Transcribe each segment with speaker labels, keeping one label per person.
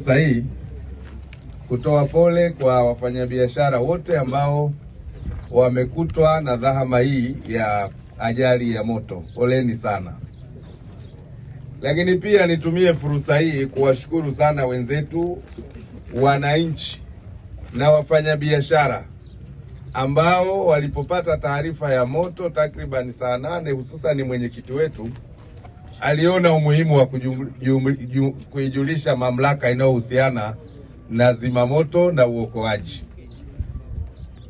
Speaker 1: fursa hii kutoa pole kwa wafanyabiashara wote ambao wamekutwa na dhahama hii ya ajali ya moto. Poleni sana. Lakini pia nitumie fursa hii kuwashukuru sana wenzetu wananchi na wafanyabiashara ambao walipopata taarifa ya moto takriban saa nane, hususan mwenyekiti wetu aliona umuhimu wa kuijulisha mamlaka inayohusiana na zimamoto na uokoaji.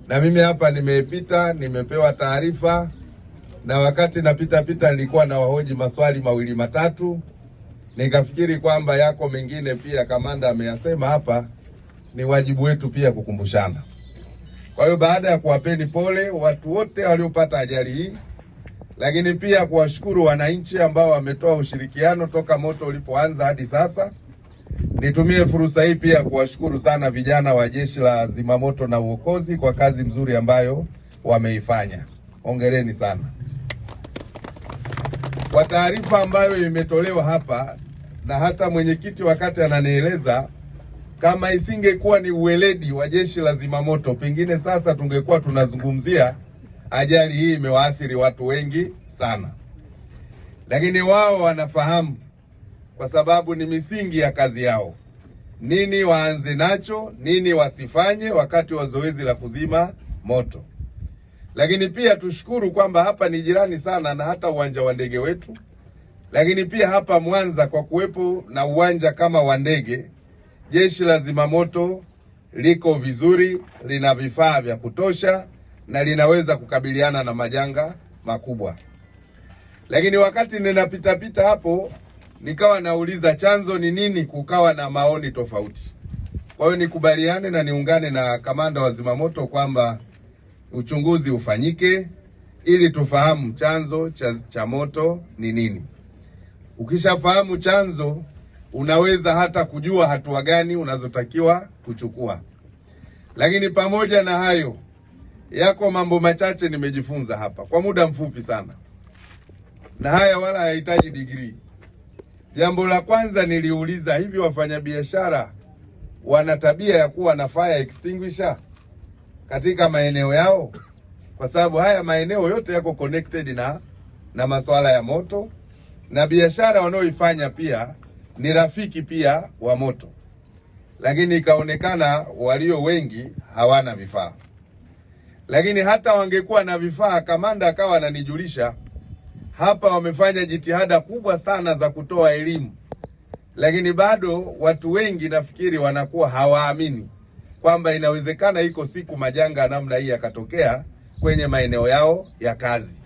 Speaker 1: Na mimi hapa nimepita, nimepewa taarifa, na wakati napita pita nilikuwa na wahoji maswali mawili matatu, nikafikiri kwamba yako mengine pia kamanda ameyasema hapa, ni wajibu wetu pia kukumbushana. Kwa hiyo baada ya kuwapeni pole watu wote waliopata ajali hii lakini pia kuwashukuru wananchi ambao wametoa ushirikiano toka moto ulipoanza hadi sasa. Nitumie fursa hii pia kuwashukuru sana vijana wa Jeshi la Zimamoto na Uokozi kwa kazi mzuri ambayo wameifanya. Hongereni sana. Kwa taarifa ambayo imetolewa hapa na hata mwenyekiti wakati ananieleza, kama isingekuwa ni uweledi wa Jeshi la Zimamoto, pengine sasa tungekuwa tunazungumzia ajali hii imewaathiri watu wengi sana, lakini wao wanafahamu kwa sababu ni misingi ya kazi yao, nini waanze nacho, nini wasifanye wakati wa zoezi la kuzima moto. Lakini pia tushukuru kwamba hapa ni jirani sana na hata uwanja wa ndege wetu, lakini pia hapa Mwanza kwa kuwepo na uwanja kama wa ndege, jeshi la zimamoto liko vizuri, lina vifaa vya kutosha na linaweza kukabiliana na majanga makubwa. Lakini wakati ninapitapita hapo, nikawa nauliza chanzo ni nini, kukawa na maoni tofauti. Kwa hiyo nikubaliane na niungane na kamanda wa zimamoto kwamba uchunguzi ufanyike ili tufahamu chanzo cha, cha moto ni nini. Ukishafahamu chanzo, unaweza hata kujua hatua gani unazotakiwa kuchukua. Lakini pamoja na hayo yako mambo machache nimejifunza hapa kwa muda mfupi sana, na haya wala hayahitaji degree. Jambo la kwanza niliuliza, hivi wafanyabiashara wana tabia ya kuwa na fire extinguisher katika maeneo yao? Kwa sababu haya maeneo yote yako connected na na masuala ya moto, na biashara wanaoifanya pia ni rafiki pia wa moto, lakini ikaonekana walio wengi hawana vifaa. Lakini hata wangekuwa na vifaa, kamanda akawa ananijulisha hapa, wamefanya jitihada kubwa sana za kutoa elimu, lakini bado watu wengi nafikiri wanakuwa hawaamini kwamba inawezekana iko siku majanga namna hii yakatokea kwenye maeneo yao ya kazi.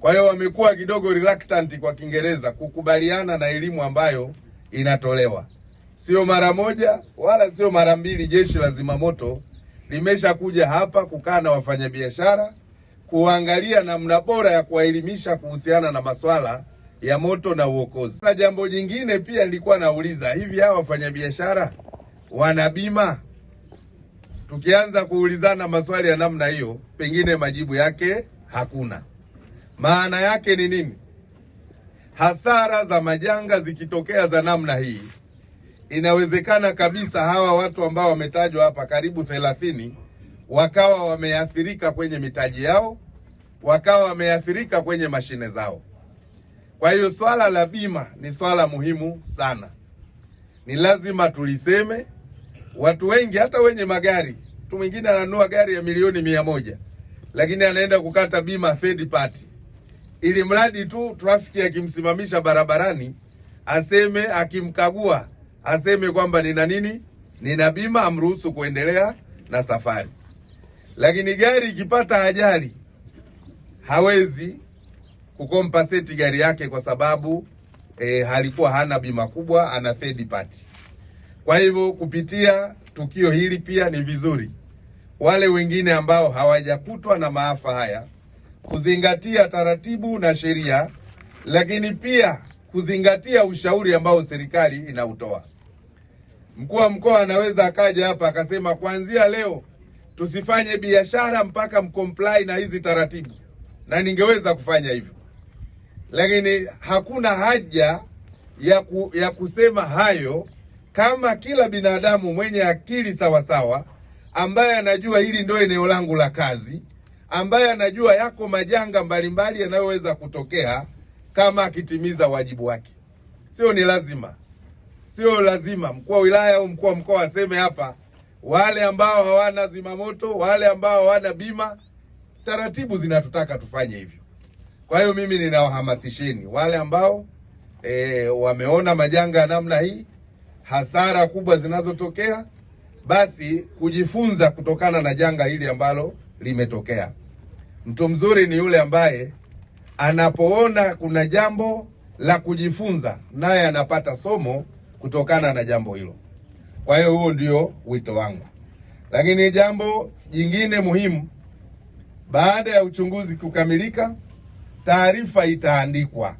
Speaker 1: Kwa hiyo wamekuwa kidogo reluctant kwa Kiingereza kukubaliana na elimu ambayo inatolewa. Sio mara moja wala sio mara mbili, jeshi la zimamoto limeshakuja hapa kukaa na wafanyabiashara kuangalia namna bora ya kuwaelimisha kuhusiana na maswala ya moto na uokozi. Na jambo jingine pia nilikuwa nauliza, hivi hawa wafanyabiashara wana bima? Tukianza kuulizana maswali ya namna hiyo, pengine majibu yake hakuna. Maana yake ni nini? Hasara za majanga zikitokea za namna hii inawezekana kabisa hawa watu ambao wametajwa hapa karibu thelathini wakawa wameathirika kwenye mitaji yao, wakawa wameathirika kwenye mashine zao. Kwa hiyo swala la bima ni swala muhimu sana, ni lazima tuliseme. Watu wengi hata wenye magari, mtu mwingine ananunua gari ya milioni mia moja lakini anaenda kukata bima third party, ili mradi tu trafiki akimsimamisha barabarani aseme akimkagua aseme kwamba nina nini, nina bima, amruhusu kuendelea na safari. Lakini gari ikipata ajali hawezi seti gari yake kwa sababu e, eh, halikuwa hana bima kubwa, ana third party. Kwa hivyo kupitia tukio hili pia ni vizuri wale wengine ambao hawajakutwa na maafa haya kuzingatia taratibu na sheria, lakini pia kuzingatia ushauri ambao serikali inautoa. Mkuu wa mkoa anaweza akaja hapa akasema kuanzia leo tusifanye biashara mpaka mcomply na hizi taratibu, na ningeweza kufanya hivyo, lakini hakuna haja ya, ku, ya kusema hayo kama kila binadamu mwenye akili sawasawa ambaye anajua hili ndio eneo langu la kazi, ambaye anajua yako majanga mbalimbali yanayoweza kutokea kama akitimiza wajibu wake, sio ni lazima Sio lazima mkuu wa wilaya au mkuu wa mkoa aseme hapa, wale ambao hawana zimamoto, wale ambao hawana bima, taratibu zinatutaka tufanye hivyo. Kwa hiyo mimi ninawahamasisheni wale ambao e, wameona majanga ya namna hii, hasara kubwa zinazotokea, basi kujifunza kutokana na janga hili ambalo limetokea. Mtu mzuri ni yule ambaye anapoona kuna jambo la kujifunza, naye anapata somo kutokana na jambo hilo. Kwa hiyo huo ndio wito wangu. Lakini jambo jingine muhimu, baada ya uchunguzi kukamilika, taarifa itaandikwa,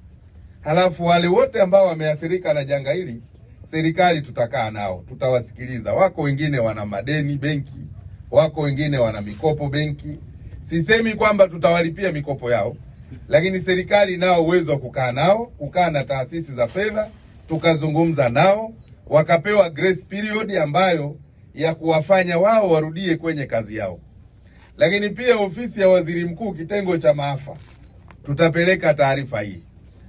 Speaker 1: halafu wale wote ambao wameathirika na janga hili, serikali tutakaa nao, tutawasikiliza. Wako wengine wana madeni benki, wako wengine wana mikopo benki. Sisemi kwamba tutawalipia mikopo yao, lakini serikali nao uwezo wa kukaa nao, kukaa na taasisi za fedha tukazungumza nao, wakapewa grace period ambayo ya kuwafanya wao warudie kwenye kazi yao. Lakini pia ofisi ya waziri mkuu kitengo cha maafa tutapeleka taarifa hii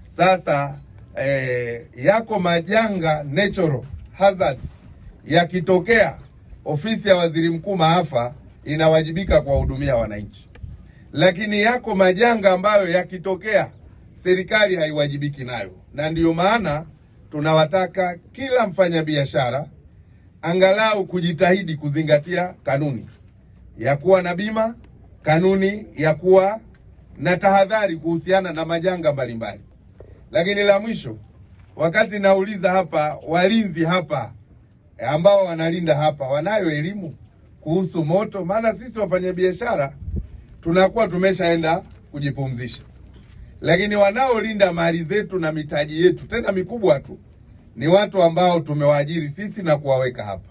Speaker 1: sasa. Eh, yako majanga natural hazards yakitokea, ofisi ya waziri mkuu maafa inawajibika kuwahudumia wananchi, lakini yako majanga ambayo yakitokea serikali haiwajibiki nayo, na ndiyo maana tunawataka kila mfanyabiashara angalau kujitahidi kuzingatia kanuni ya kuwa na bima, kanuni ya kuwa na tahadhari kuhusiana na majanga mbalimbali. Lakini la mwisho, wakati nauliza hapa, walinzi hapa eh, ambao wanalinda hapa wanayo elimu kuhusu moto? Maana sisi wafanyabiashara tunakuwa tumeshaenda kujipumzisha lakini wanaolinda mali zetu na mitaji yetu tena mikubwa tu ni watu ambao tumewaajiri sisi na kuwaweka hapa.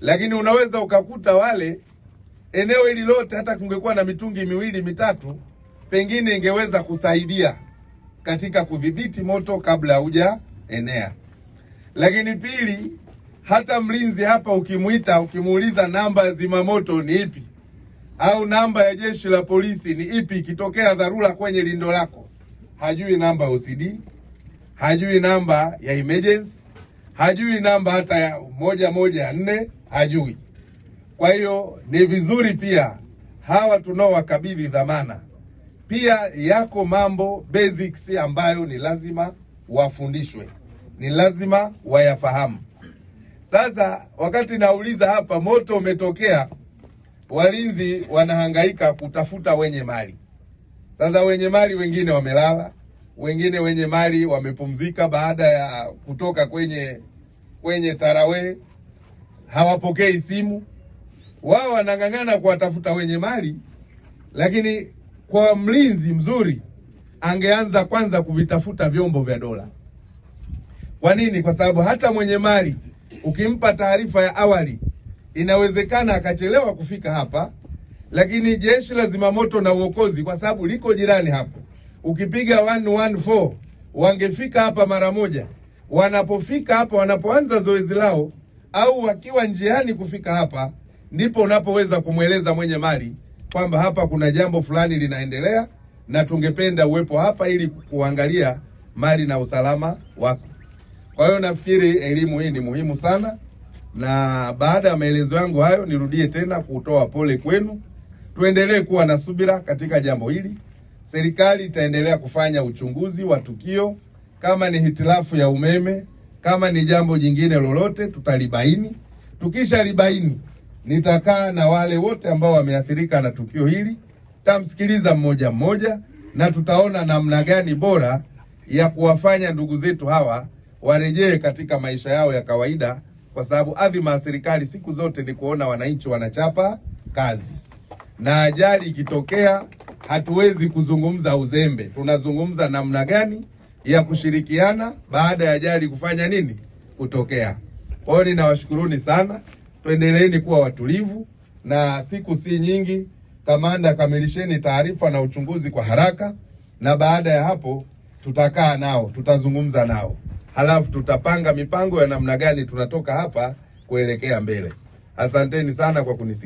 Speaker 1: Lakini unaweza ukakuta wale eneo hili lote, hata kungekuwa na mitungi miwili mitatu, pengine ingeweza kusaidia katika kudhibiti moto kabla hauja enea. Lakini pili, hata mlinzi hapa ukimwita, ukimuuliza namba ya zimamoto ni ipi au namba ya jeshi la polisi ni ipi, ikitokea dharura kwenye lindo lako hajui namba ya OCD, hajui namba ya emergency, hajui namba hata ya moja moja ya nne, hajui. Kwa hiyo ni vizuri pia hawa tunaowakabidhi dhamana, pia yako mambo basics ambayo ni lazima wafundishwe, ni lazima wayafahamu. Sasa wakati nauliza hapa, moto umetokea, walinzi wanahangaika kutafuta wenye mali sasa wenye mali wengine wamelala, wengine wenye mali wamepumzika baada ya kutoka kwenye kwenye tarawe, hawapokei simu. Wao wanang'ang'ana kuwatafuta wenye mali, lakini kwa mlinzi mzuri angeanza kwanza kuvitafuta vyombo vya dola. Kwa nini? Kwa sababu hata mwenye mali ukimpa taarifa ya awali, inawezekana akachelewa kufika hapa lakini jeshi la zimamoto na uokozi kwa sababu liko jirani hapo, ukipiga 114 wangefika hapa mara moja. Wanapofika hapa, wanapoanza zoezi lao au wakiwa njiani kufika hapa, ndipo unapoweza kumweleza mwenye mali kwamba hapa kuna jambo fulani linaendelea na tungependa uwepo hapa ili kuangalia mali na usalama wako. Kwa hiyo nafikiri elimu hii ni muhimu sana, na baada ya maelezo yangu hayo, nirudie tena kutoa pole kwenu. Tuendelee kuwa na subira katika jambo hili. Serikali itaendelea kufanya uchunguzi wa tukio. Kama ni hitilafu ya umeme, kama ni jambo jingine lolote, tutalibaini. libaini, nitakaa na wale wote ambao wameathirika na tukio hili, tamsikiliza mmoja mmoja, na tutaona namna gani bora ya kuwafanya ndugu zetu hawa warejee katika maisha yao ya kawaida, kwa sababu adhima ya serikali siku zote ni kuona wananchi wanachapa kazi na ajali ikitokea, hatuwezi kuzungumza uzembe, tunazungumza namna gani ya kushirikiana baada ya ajali kufanya nini kutokea. Kwa hiyo ninawashukuruni sana, tuendeleeni kuwa watulivu na siku si nyingi. Kamanda, kamilisheni taarifa na uchunguzi kwa haraka, na baada ya hapo tutakaa nao, tutazungumza nao, halafu tutapanga mipango ya namna gani tunatoka hapa kuelekea mbele. Asanteni sana kwa kunisikia.